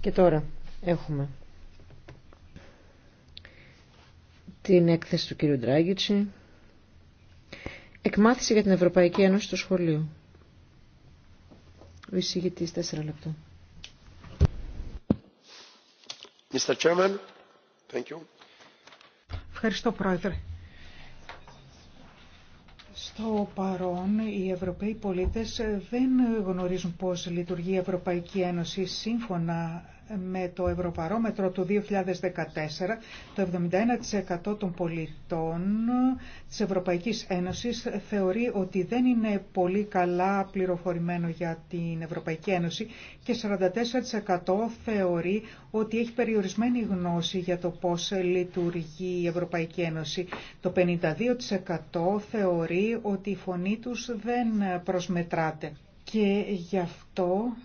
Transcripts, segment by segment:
Και τώρα έχουμε την έκθεση του κύριου Ντράγκητσι. Εκμάθηση για την Ευρωπαϊκή Ένωση στο σχολείο. Ο εισηγητής, τέσσερα λεπτά. Mr. Chairman, thank you. Ευχαριστώ, Πρόεδρε. Στο παρόν, οι Ευρωπαίοι πολίτες δεν γνωρίζουν πώς λειτουργεί η Ευρωπαϊκή Ένωση σύμφωνα με το Ευρωπαρόμετρο του 2014, το 71% των πολιτών της Ευρωπαϊκής Ένωσης θεωρεί ότι δεν είναι πολύ καλά πληροφορημένο για την Ευρωπαϊκή Ένωση και 44% θεωρεί ότι έχει περιορισμένη γνώση για το πώς λειτουργεί η Ευρωπαϊκή Ένωση. Το 52% θεωρεί ότι η φωνή τους δεν προσμετράται. Και γι' αυτό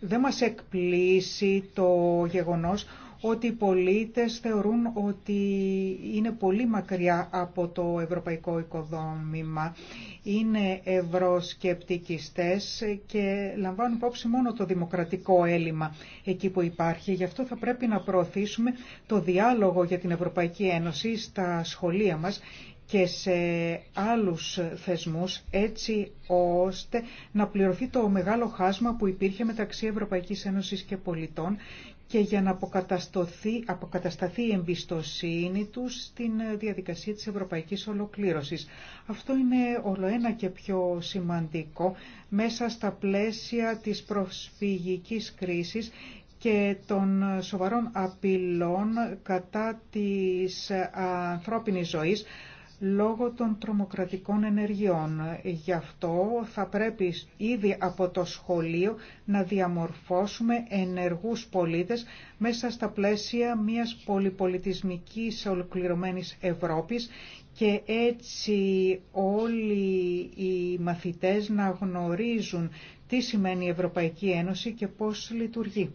δεν μας εκπλήσει το γεγονός ότι οι πολίτες θεωρούν ότι είναι πολύ μακριά από το ευρωπαϊκό οικοδόμημα. Είναι ευρωσκεπτικιστές και λαμβάνουν υπόψη μόνο το δημοκρατικό έλλειμμα εκεί που υπάρχει. Γι' αυτό θα πρέπει να προωθήσουμε το διάλογο για την Ευρωπαϊκή Ένωση στα σχολεία μας και σε άλλους θεσμούς έτσι ώστε να πληρωθεί το μεγάλο χάσμα που υπήρχε μεταξύ Ευρωπαϊκής Ένωσης και πολιτών και για να αποκατασταθεί, η εμπιστοσύνη τους στην διαδικασία της ευρωπαϊκής ολοκλήρωσης. Αυτό είναι όλο ένα και πιο σημαντικό μέσα στα πλαίσια της προσφυγικής κρίσης και των σοβαρών απειλών κατά της ανθρώπινης ζωής λόγω των τρομοκρατικών ενεργειών. Γι' αυτό θα πρέπει ήδη από το σχολείο να διαμορφώσουμε ενεργούς πολίτες μέσα στα πλαίσια μιας πολυπολιτισμικής ολοκληρωμένης Ευρώπης και έτσι όλοι οι μαθητές να γνωρίζουν τι σημαίνει η Ευρωπαϊκή Ένωση και πώς λειτουργεί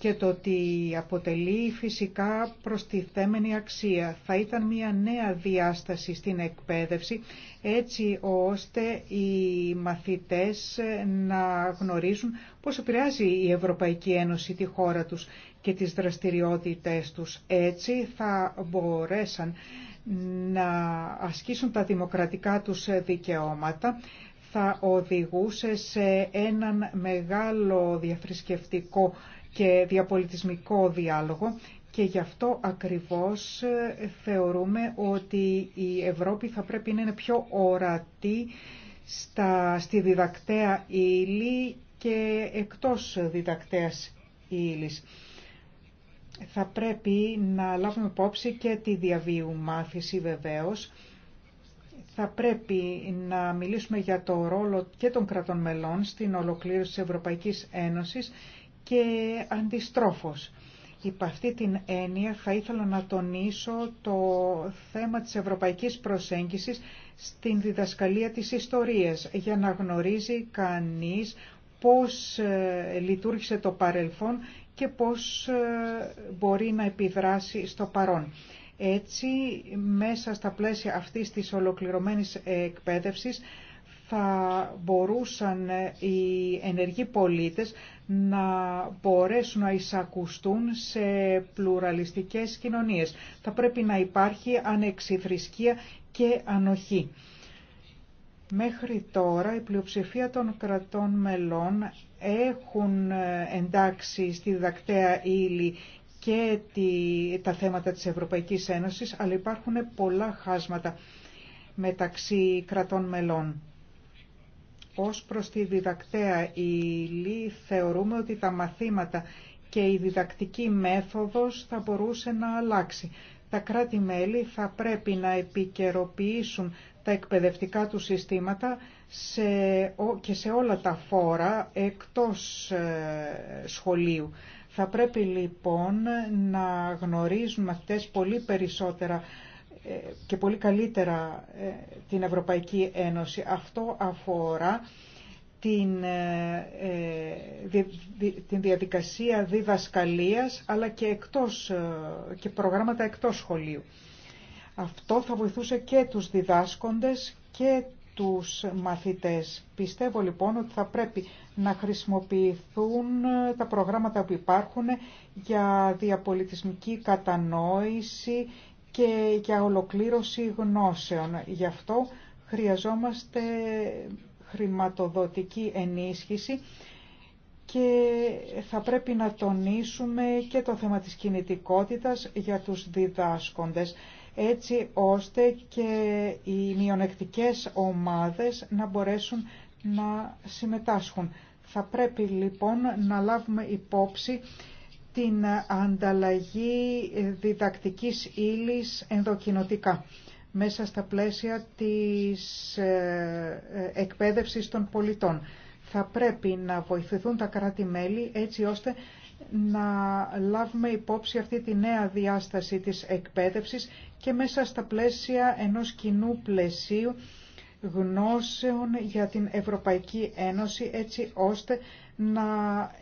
και το ότι αποτελεί φυσικά προστιθέμενη αξία. Θα ήταν μια νέα διάσταση στην εκπαίδευση έτσι ώστε οι μαθητές να γνωρίζουν πώς επηρεάζει η Ευρωπαϊκή Ένωση τη χώρα τους και τις δραστηριότητες τους. Έτσι θα μπορέσαν να ασκήσουν τα δημοκρατικά τους δικαιώματα θα οδηγούσε σε έναν μεγάλο διαφρησκευτικό και διαπολιτισμικό διάλογο και γι' αυτό ακριβώς ε, θεωρούμε ότι η Ευρώπη θα πρέπει να είναι πιο ορατή στα, στη διδακτέα ύλη και εκτός διδακτέας ύλης. Θα πρέπει να λάβουμε υπόψη και τη διαβίου μάθηση βεβαίως. Θα πρέπει να μιλήσουμε για το ρόλο και των κρατών μελών στην ολοκλήρωση της Ευρωπαϊκής Ένωσης και αντιστρόφως. Υπ' αυτή την έννοια θα ήθελα να τονίσω το θέμα της ευρωπαϊκής προσέγγισης στην διδασκαλία της ιστορίας, για να γνωρίζει κανείς πώς ε, λειτουργήσε το παρελθόν και πώς ε, μπορεί να επιδράσει στο παρόν. Έτσι, μέσα στα πλαίσια αυτής της ολοκληρωμένης εκπαίδευσης, θα μπορούσαν ε, οι ενεργοί πολίτες να μπορέσουν να εισακουστούν σε πλουραλιστικές κοινωνίες. Θα πρέπει να υπάρχει ανεξιθρησκεία και ανοχή. Μέχρι τώρα η πλειοψηφία των κρατών μελών έχουν ε, εντάξει στη διδακτέα ύλη και τα θέματα της Ευρωπαϊκής Ένωσης, αλλά υπάρχουν πολλά χάσματα μεταξύ κρατών μελών. Ως προς τη διδακτέα ύλη θεωρούμε ότι τα μαθήματα και η διδακτική μέθοδος θα μπορούσε να αλλάξει. Τα κράτη-μέλη θα πρέπει να επικαιροποιήσουν τα εκπαιδευτικά του συστήματα σε, και σε όλα τα φόρα εκτός ε, σχολείου. Θα πρέπει λοιπόν να γνωρίζουν μαθητές πολύ περισσότερα ε, και πολύ καλύτερα ε, την Ευρωπαϊκή Ένωση. Αυτό αφορά την, ε, διαδικασία διδασκαλίας αλλά και, εκτός, και προγράμματα εκτός σχολείου. Αυτό θα βοηθούσε και τους διδάσκοντες και τους μαθητές. Πιστεύω λοιπόν ότι θα πρέπει να χρησιμοποιηθούν τα προγράμματα που υπάρχουν για διαπολιτισμική κατανόηση, και για ολοκλήρωση γνώσεων. Γι' αυτό χρειαζόμαστε χρηματοδοτική ενίσχυση και θα πρέπει να τονίσουμε και το θέμα της κινητικότητας για τους διδάσκοντες έτσι ώστε και οι μειονεκτικές ομάδες να μπορέσουν να συμμετάσχουν. Θα πρέπει λοιπόν να λάβουμε υπόψη την ανταλλαγή διδακτικής ύλης ενδοκινοτικά μέσα στα πλαίσια της ε, ε, εκπαίδευσης των πολιτών. Θα πρέπει να βοηθηθούν τα κράτη-μέλη έτσι ώστε να λάβουμε υπόψη αυτή τη νέα διάσταση της εκπαίδευσης και μέσα στα πλαίσια ενός κοινού πλαισίου γνώσεων για την Ευρωπαϊκή Ένωση έτσι ώστε να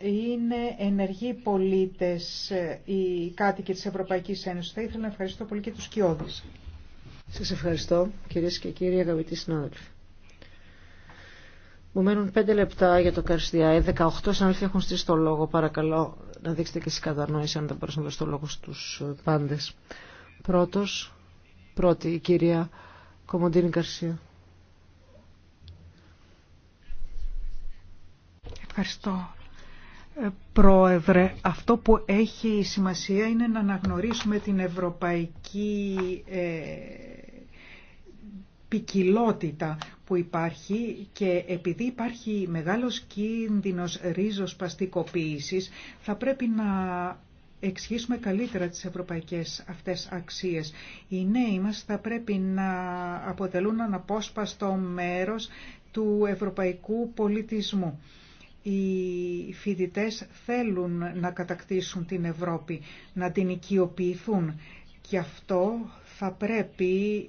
είναι ενεργοί πολίτες ε, οι κάτοικοι της Ευρωπαϊκής Ένωσης. Θα ήθελα να ευχαριστώ πολύ και τους Κιώδης. Σας ευχαριστώ κυρίες και κύριοι αγαπητοί συνάδελφοι. Μου μένουν πέντε λεπτά για το Καρστιάι. 18 συνάδελφοι έχουν στήσει το λόγο. Παρακαλώ να δείξετε και εσείς κατανόηση αν δεν μπορούσα να δώσω το λόγο στους ε, πάντες. Πρώτος, πρώτη η κυρία Κομοντίνη Καρσίου. Ευχαριστώ. Ε, πρόεδρε, αυτό που έχει σημασία είναι να αναγνωρίσουμε την ευρωπαϊκή ε, ποικιλότητα που υπάρχει και επειδή υπάρχει μεγάλος κίνδυνος ρίζος παστικοποίησης θα πρέπει να εξηγήσουμε καλύτερα τις ευρωπαϊκές αυτές αξίες. Οι νέοι μας θα πρέπει να αποτελούν αναπόσπαστο μέρος του ευρωπαϊκού πολιτισμού οι φοιτητέ θέλουν να κατακτήσουν την Ευρώπη, να την οικειοποιηθούν. και αυτό θα πρέπει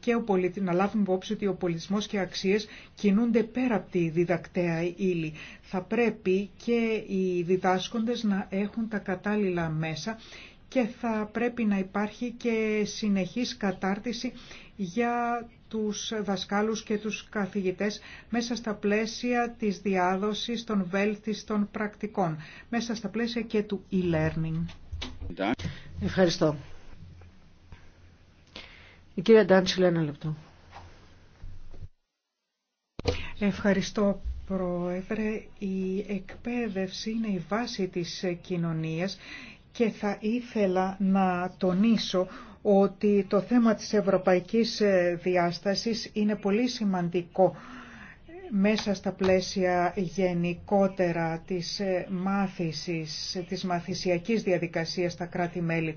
και ο να λάβουμε υπόψη ότι ο πολιτισμός και οι αξίες κινούνται πέρα από τη διδακτέα ύλη. Θα πρέπει και οι διδάσκοντες να έχουν τα κατάλληλα μέσα και θα πρέπει να υπάρχει και συνεχής κατάρτιση για τους δασκάλους και τους καθηγητές μέσα στα πλαίσια της διάδοσης των βέλτιστων πρακτικών, μέσα στα πλαίσια και του e-learning. Ευχαριστώ. Η κυρία λέει ένα λεπτό. Ευχαριστώ Πρόεδρε, η εκπαίδευση είναι η βάση της κοινωνίας και θα ήθελα να τονίσω ότι το θέμα της ευρωπαϊκής ε, διάστασης είναι πολύ σημαντικό ε, μέσα στα πλαίσια γενικότερα της ε, μάθησης, της μαθησιακής διαδικασίας στα κράτη-μέλη.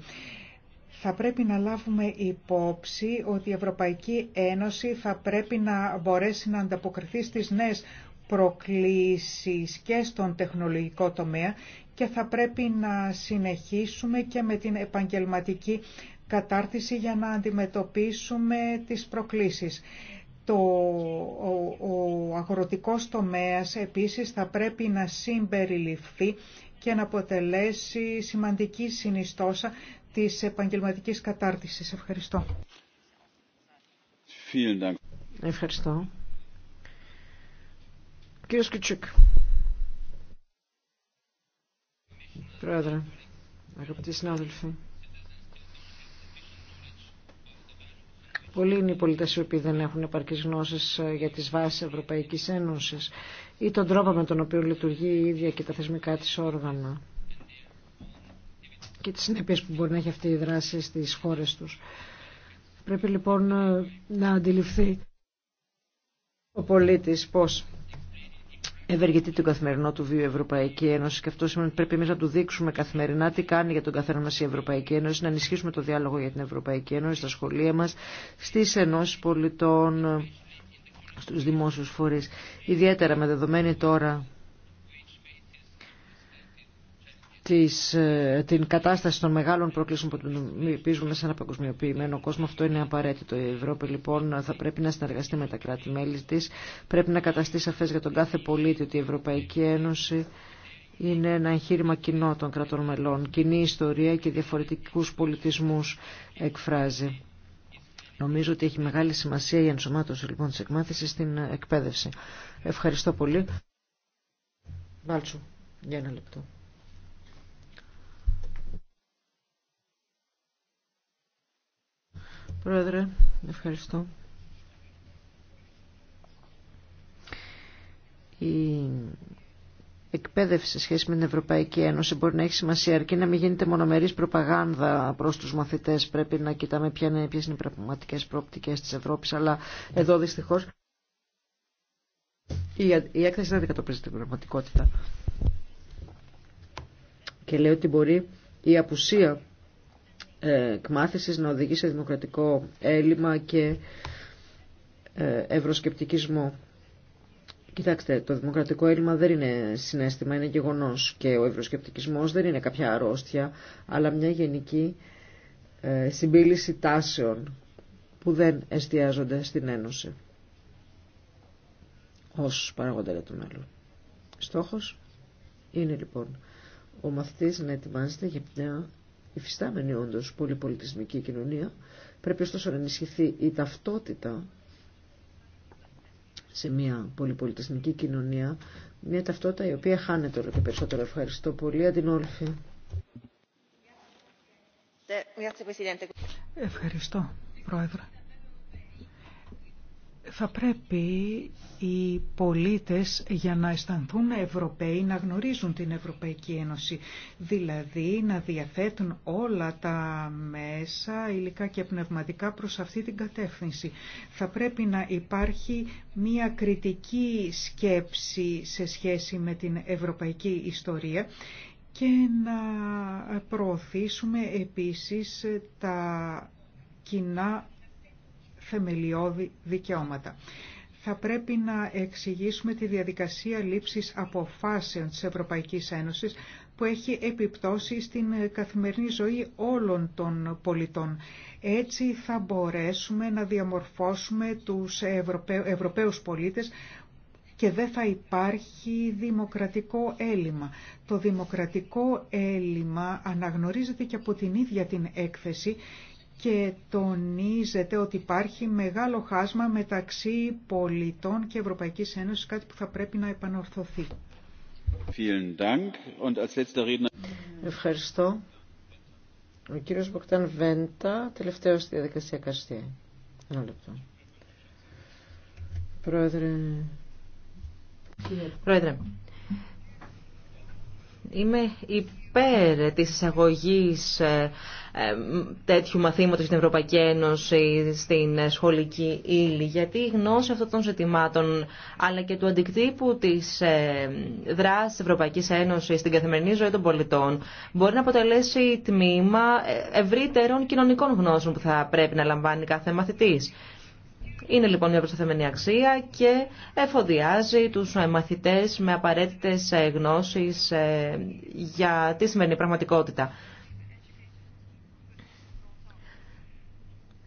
Θα πρέπει να λάβουμε υπόψη ότι η Ευρωπαϊκή Ένωση θα πρέπει να μπορέσει να ανταποκριθεί στις νέες προκλήσεις και στον τεχνολογικό τομέα και θα πρέπει να συνεχίσουμε και με την επαγγελματική κατάρτιση για να αντιμετωπίσουμε τις προκλήσεις. Το, ο, ο αγροτικός τομέας επίσης θα πρέπει να συμπεριληφθεί και να αποτελέσει σημαντική συνιστόσα της επαγγελματικής κατάρτισης. Ευχαριστώ. Ευχαριστώ. Κύριος Κιτσίκ. Πρόεδρε, αγαπητοί συνάδελφοι. Πολλοί είναι οι πολίτες οι οποίοι δεν έχουν επαρκείς γνώσεις ε, για τις βάσεις Ευρωπαϊκής Ένωσης ή τον τρόπο με τον οποίο λειτουργεί η ίδια και τα θεσμικά της όργανα και τις συνέπειες που μπορεί να έχει αυτή η δράση στις χώρες τους. Πρέπει λοιπόν ε, να αντιληφθεί ο πολίτης πώς ευεργετεί τον καθημερινό του βίου Ευρωπαϊκή Ένωση και αυτό σημαίνει ότι πρέπει εμεί να του δείξουμε καθημερινά τι κάνει για τον καθένα μα η Ευρωπαϊκή Ένωση, να ενισχύσουμε το διάλογο για την Ευρωπαϊκή Ένωση στα σχολεία μα, στι ενώσει πολιτών, στου δημόσιου φορεί. Ιδιαίτερα με δεδομένη τώρα της, ε, την κατάσταση των μεγάλων προκλήσεων που αντιμετωπίζουμε σε ένα παγκοσμιοποιημένο κόσμο. Αυτό είναι απαραίτητο. Η Ευρώπη λοιπόν θα πρέπει να συνεργαστεί με τα κράτη-μέλη τη, Πρέπει να καταστεί σαφές για τον κάθε πολίτη ότι η Ευρωπαϊκή Ένωση είναι ένα εγχείρημα κοινό των κρατών μελών. Κοινή ιστορία και διαφορετικού πολιτισμού εκφράζει. Νομίζω ότι έχει μεγάλη σημασία η ενσωμάτωση λοιπόν τη εκμάθηση στην εκπαίδευση. Ευχαριστώ πολύ. για ένα λεπτό. Πρόεδρε, ευχαριστώ. Η εκπαίδευση σε σχέση με την Ευρωπαϊκή Ένωση μπορεί να έχει σημασία αρκεί να μην γίνεται μονομερής προπαγάνδα προς τους μαθητές. Πρέπει να κοιτάμε ποιες είναι, ποιες είναι οι πραγματικές προοπτικές της Ευρώπης, αλλά εδώ δυστυχώς η έκθεση δεν αντικατοπίζει την πραγματικότητα. Και λέω ότι μπορεί η απουσία εκμάθησης να οδηγεί σε δημοκρατικό έλλειμμα και ε, ευροσκεπτικισμό. Κοιτάξτε, το δημοκρατικό έλλειμμα δεν είναι συνέστημα, είναι γεγονός και ο ευρωσκεπτικισμός δεν είναι κάποια αρρώστια, αλλά μια γενική ε, συμπίληση τάσεων που δεν εστιάζονται στην Ένωση ως παραγοντέρα του μέλλον. Στόχος είναι λοιπόν ο μαθητής να ετοιμάζεται για μια υφιστάμενη όντως πολυπολιτισμική κοινωνία, πρέπει ωστόσο να ενισχυθεί η ταυτότητα σε μια πολυπολιτισμική κοινωνία, μια ταυτότητα η οποία χάνεται όλο και περισσότερο. Ευχαριστώ πολύ, Αντινόλφη. Ε, Ευχαριστώ, Πρόεδρε. Θα πρέπει οι πολίτες για να αισθανθούν Ευρωπαίοι να γνωρίζουν την Ευρωπαϊκή Ένωση, δηλαδή να διαθέτουν όλα τα μέσα υλικά και πνευματικά προς αυτή την κατεύθυνση. Θα πρέπει να υπάρχει μία κριτική σκέψη σε σχέση με την ευρωπαϊκή ιστορία και να προωθήσουμε επίσης τα κοινά θεμελιώδη δικαιώματα. Θα πρέπει να εξηγήσουμε τη διαδικασία λήψης αποφάσεων της Ευρωπαϊκής Ένωσης που έχει επιπτώσει στην καθημερινή ζωή όλων των πολιτών. Έτσι θα μπορέσουμε να διαμορφώσουμε τους Ευρωπαίους πολίτες και δεν θα υπάρχει δημοκρατικό έλλειμμα. Το δημοκρατικό έλλειμμα αναγνωρίζεται και από την ίδια την έκθεση και τονίζεται ότι υπάρχει μεγάλο χάσμα μεταξύ πολιτών και Ευρωπαϊκής Ένωσης, κάτι που θα πρέπει να επανορθωθεί. Ευχαριστώ. Ο κύριος Μποκτάν Βέντα, τελευταίος στη διαδικασία Καστία. Ένα λεπτό. Πρόεδρε... Πρόεδρε, Είμαι υπέρ της εισαγωγής ε, ε, τέτοιου μαθήματος στην Ευρωπαϊκή Ένωση, στην σχολική ύλη, γιατί η γνώση αυτών των ζητημάτων, αλλά και του αντικτύπου της ε, δράσης της Ευρωπαϊκής Ένωσης στην καθημερινή ζωή των πολιτών, μπορεί να αποτελέσει τμήμα ευρύτερων κοινωνικών γνώσεων που θα πρέπει να λαμβάνει κάθε μαθητής. Είναι λοιπόν μια προσταθεμένη αξία και εφοδιάζει τους ε, μαθητές με απαραίτητες ε, γνώσεις ε, για τη σημερινή πραγματικότητα.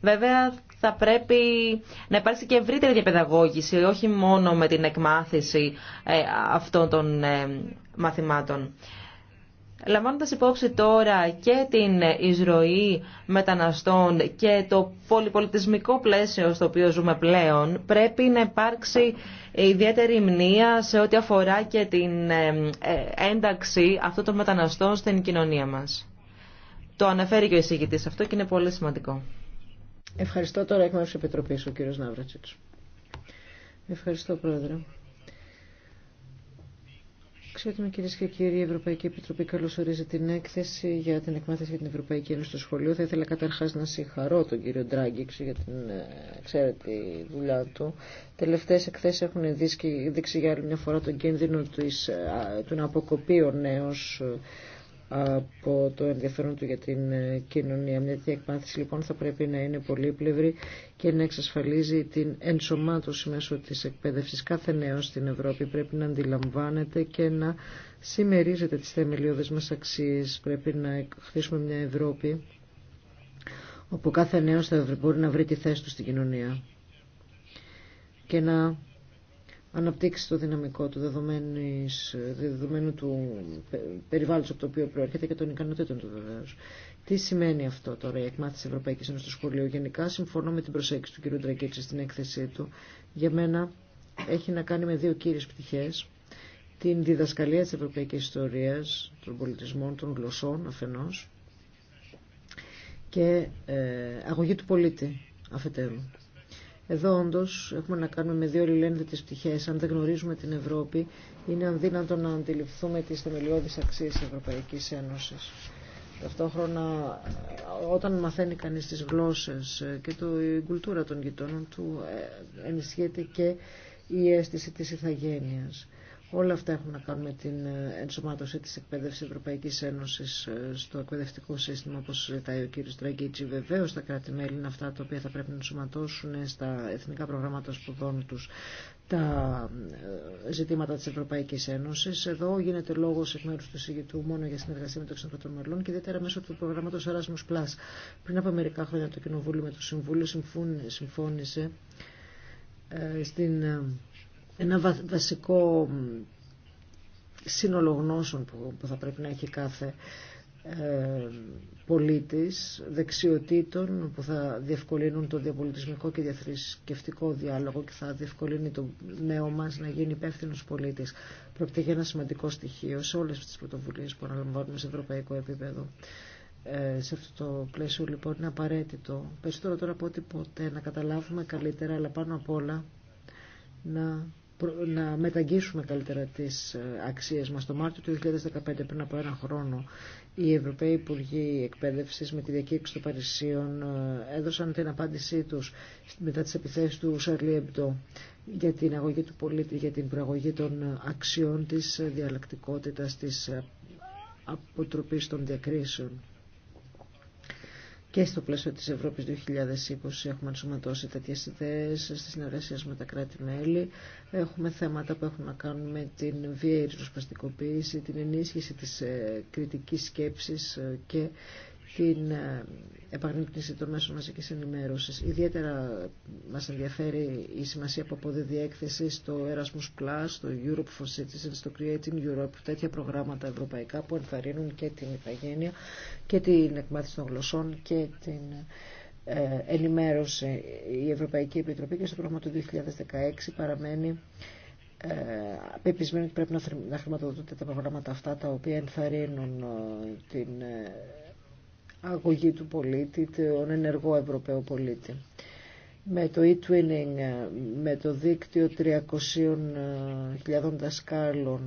Βέβαια θα πρέπει να υπάρξει και ευρύτερη διαπαιδαγώγηση, όχι μόνο με την εκμάθηση αυτών των μαθημάτων. Λαμβάνοντα υπόψη τώρα και την εισρωή μεταναστών και το πολυπολιτισμικό πλαίσιο στο οποίο ζούμε πλέον, πρέπει να υπάρξει ιδιαίτερη μνήμα σε ό,τι αφορά και την ε, ε, ένταξη αυτών των μεταναστών στην κοινωνία μας. Το αναφέρει και ο εισηγητής αυτό και είναι πολύ σημαντικό. Ευχαριστώ τώρα εκ μέρους Επιτροπής ο κύριος Ναύρατσιτς. Ευχαριστώ Πρόεδρε ξέρετε κυρίε και κύριοι, η Ευρωπαϊκή Επιτροπή καλωσορίζει την έκθεση για την εκμάθηση για την Ευρωπαϊκή Ένωση στο σχολείο. Θα ήθελα καταρχά να συγχαρώ τον κύριο Ντράγκη για την ε, εξαίρετη δουλειά του. Τελευταίε εκθέσει έχουν δείξει, δείξει για άλλη μια φορά τον κίνδυνο του ε, να αποκοπεί ο νέο ε, από το ενδιαφέρον του για την ε, κοινωνία. Μια τέτοια εκπάθηση λοιπόν θα πρέπει να είναι πολύπλευρη και να εξασφαλίζει την ενσωμάτωση μέσω της εκπαίδευσης. Κάθε νέος στην Ευρώπη πρέπει να αντιλαμβάνεται και να συμμερίζεται τις θεμελιώδες μας αξίες. Πρέπει να χτίσουμε μια Ευρώπη όπου κάθε νέος θα μπορεί να βρει τη θέση του στην κοινωνία και να αναπτύξει το δυναμικό του δεδομένου του περιβάλλοντος από το οποίο προέρχεται και των ικανοτήτων του βεβαίω. Τι σημαίνει αυτό τώρα η εκμάθηση Ευρωπαϊκής Ένωση στο σχολείο. Γενικά συμφωνώ με την προσέγγιση του κ. Ντρακίτση στην έκθεσή του. Για μένα έχει να κάνει με δύο κύριες πτυχές. Την διδασκαλία της ευρωπαϊκής ιστορίας, των πολιτισμών, των γλωσσών αφενός και ε, αγωγή του πολίτη αφετέρου. Εδώ όντω έχουμε να κάνουμε με δύο αλληλένδετε πτυχέ. Αν δεν γνωρίζουμε την Ευρώπη, είναι αδύνατο να αντιληφθούμε τι θεμελιώδει αξίε τη Ευρωπαϊκή Ένωση. Ταυτόχρονα, όταν μαθαίνει κανείς τις γλώσσες και το, η κουλτούρα των γειτόνων του, ε, ενισχύεται και η αίσθηση τη ηθαγένεια. Όλα αυτά έχουν να κάνουν με την ε, ενσωμάτωση της εκπαίδευσης Ευρωπαϊκής Ένωσης ε, στο εκπαιδευτικό σύστημα, όπως ζητάει ο κύριος Τραγκίτσι. Βεβαίως τα κράτη-μέλη είναι αυτά τα οποία θα πρέπει να ενσωματώσουν στα εθνικά προγράμματα σπουδών τους τα ε, ζητήματα της Ευρωπαϊκής Ένωσης. Εδώ γίνεται λόγος εκ μέρους του ΣΥΓΙΤΟΥ μόνο για συνεργασία με το των μελών και ιδιαίτερα μέσω του προγράμματος Erasmus Plus. Πριν από μερικά χρόνια το Κοινοβούλιο με το Συμβούλιο συμφώνησε στην ένα βασικό σύνολο γνώσεων που θα πρέπει να έχει κάθε ε, πολίτης δεξιοτήτων που θα διευκολύνουν το διαπολιτισμικό και διαθρησκευτικό διάλογο και θα διευκολύνει το νέο μας να γίνει υπεύθυνο πολίτης. Πρόκειται για ένα σημαντικό στοιχείο σε όλες τις πρωτοβουλίες που αναλαμβάνουμε σε ευρωπαϊκό επίπεδο. Ε, σε αυτό το πλαίσιο λοιπόν είναι απαραίτητο περισσότερο τώρα από ό,τι ποτέ να καταλάβουμε καλύτερα αλλά πάνω απ' όλα να να μεταγγίσουμε καλύτερα τις ε, αξίες μας. Το Μάρτιο του 2015, πριν από ένα χρόνο, οι Ευρωπαίοι Υπουργοί Εκπαίδευση με τη διακήρυξη των Παρισίων ε, έδωσαν την απάντησή τους μετά τις επιθέσεις του Σαρλί Εμπτό για την αγωγή του πολίτη, για την προαγωγή των αξιών της ε, διαλλακτικότητα, της αποτροπή των διακρίσεων και στο πλαίσιο της Ευρώπης 2020 έχουμε ενσωματώσει τέτοιες ιδέες στις συνεργασίες με τα κράτη-μέλη. Έχουμε θέματα που έχουν να κάνουν με την βία ριζοσπαστικοποίηση, την ενίσχυση της ε, κριτικής σκέψης ε, και την ε, επαγνύπτυνση των μέσων μαζικής ενημέρωσης. Ιδιαίτερα μας ενδιαφέρει η σημασία που αποδίδει έκθεση στο Erasmus Plus, στο Europe for Citizens, στο Creating Europe, τέτοια προγράμματα ευρωπαϊκά που ενθαρρύνουν και την υπαγένεια και την εκμάθηση των γλωσσών και την ε, ενημέρωση. Η Ευρωπαϊκή Επιτροπή και στο πρόγραμμα του 2016 παραμένει ε, ότι πρέπει να χρηματοδοτούνται τα προγράμματα αυτά τα οποία ενθαρρύνουν ε, την αγωγή του πολίτη, τον ενεργό Ευρωπαίο πολίτη. Με το e-twinning, με το δίκτυο 300.000 δασκάλων,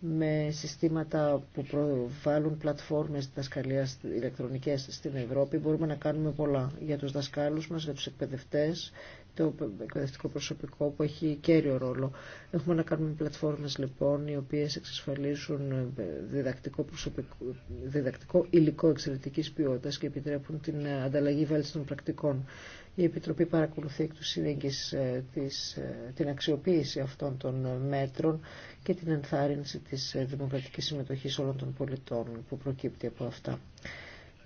με συστήματα που προβάλλουν πλατφόρμες δασκαλίας ηλεκτρονικές στην Ευρώπη μπορούμε να κάνουμε πολλά για τους δασκάλους μας, για τους εκπαιδευτές, το εκπαιδευτικό προσωπικό που έχει κέριο ρόλο. Έχουμε να κάνουμε πλατφόρμες λοιπόν οι οποίες εξασφαλίζουν ε, διδακτικό, προσωπικό, διδακτικό υλικό εξαιρετικής ποιότητας και επιτρέπουν την ε, ανταλλαγή των πρακτικών. Η Επιτροπή παρακολουθεί εκ του ε, της την αξιοποίηση αυτών των μέτρων και την ενθάρρυνση της δημοκρατικής συμμετοχής όλων των πολιτών που προκύπτει από αυτά.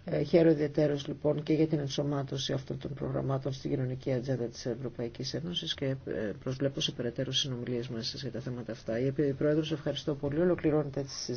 Ε, χαίρομαι ιδιαίτερω λοιπόν και για την ενσωμάτωση αυτών των προγραμμάτων στην κοινωνική ατζέντα της Ευρωπαϊκής Ένωσης και ε, προσβλέπω σε περαιτέρω συνομιλίες μαζί για τα θέματα αυτά. Η Πρόεδρος, ευχαριστώ πολύ. Ολοκληρώνεται τη συζήτηση.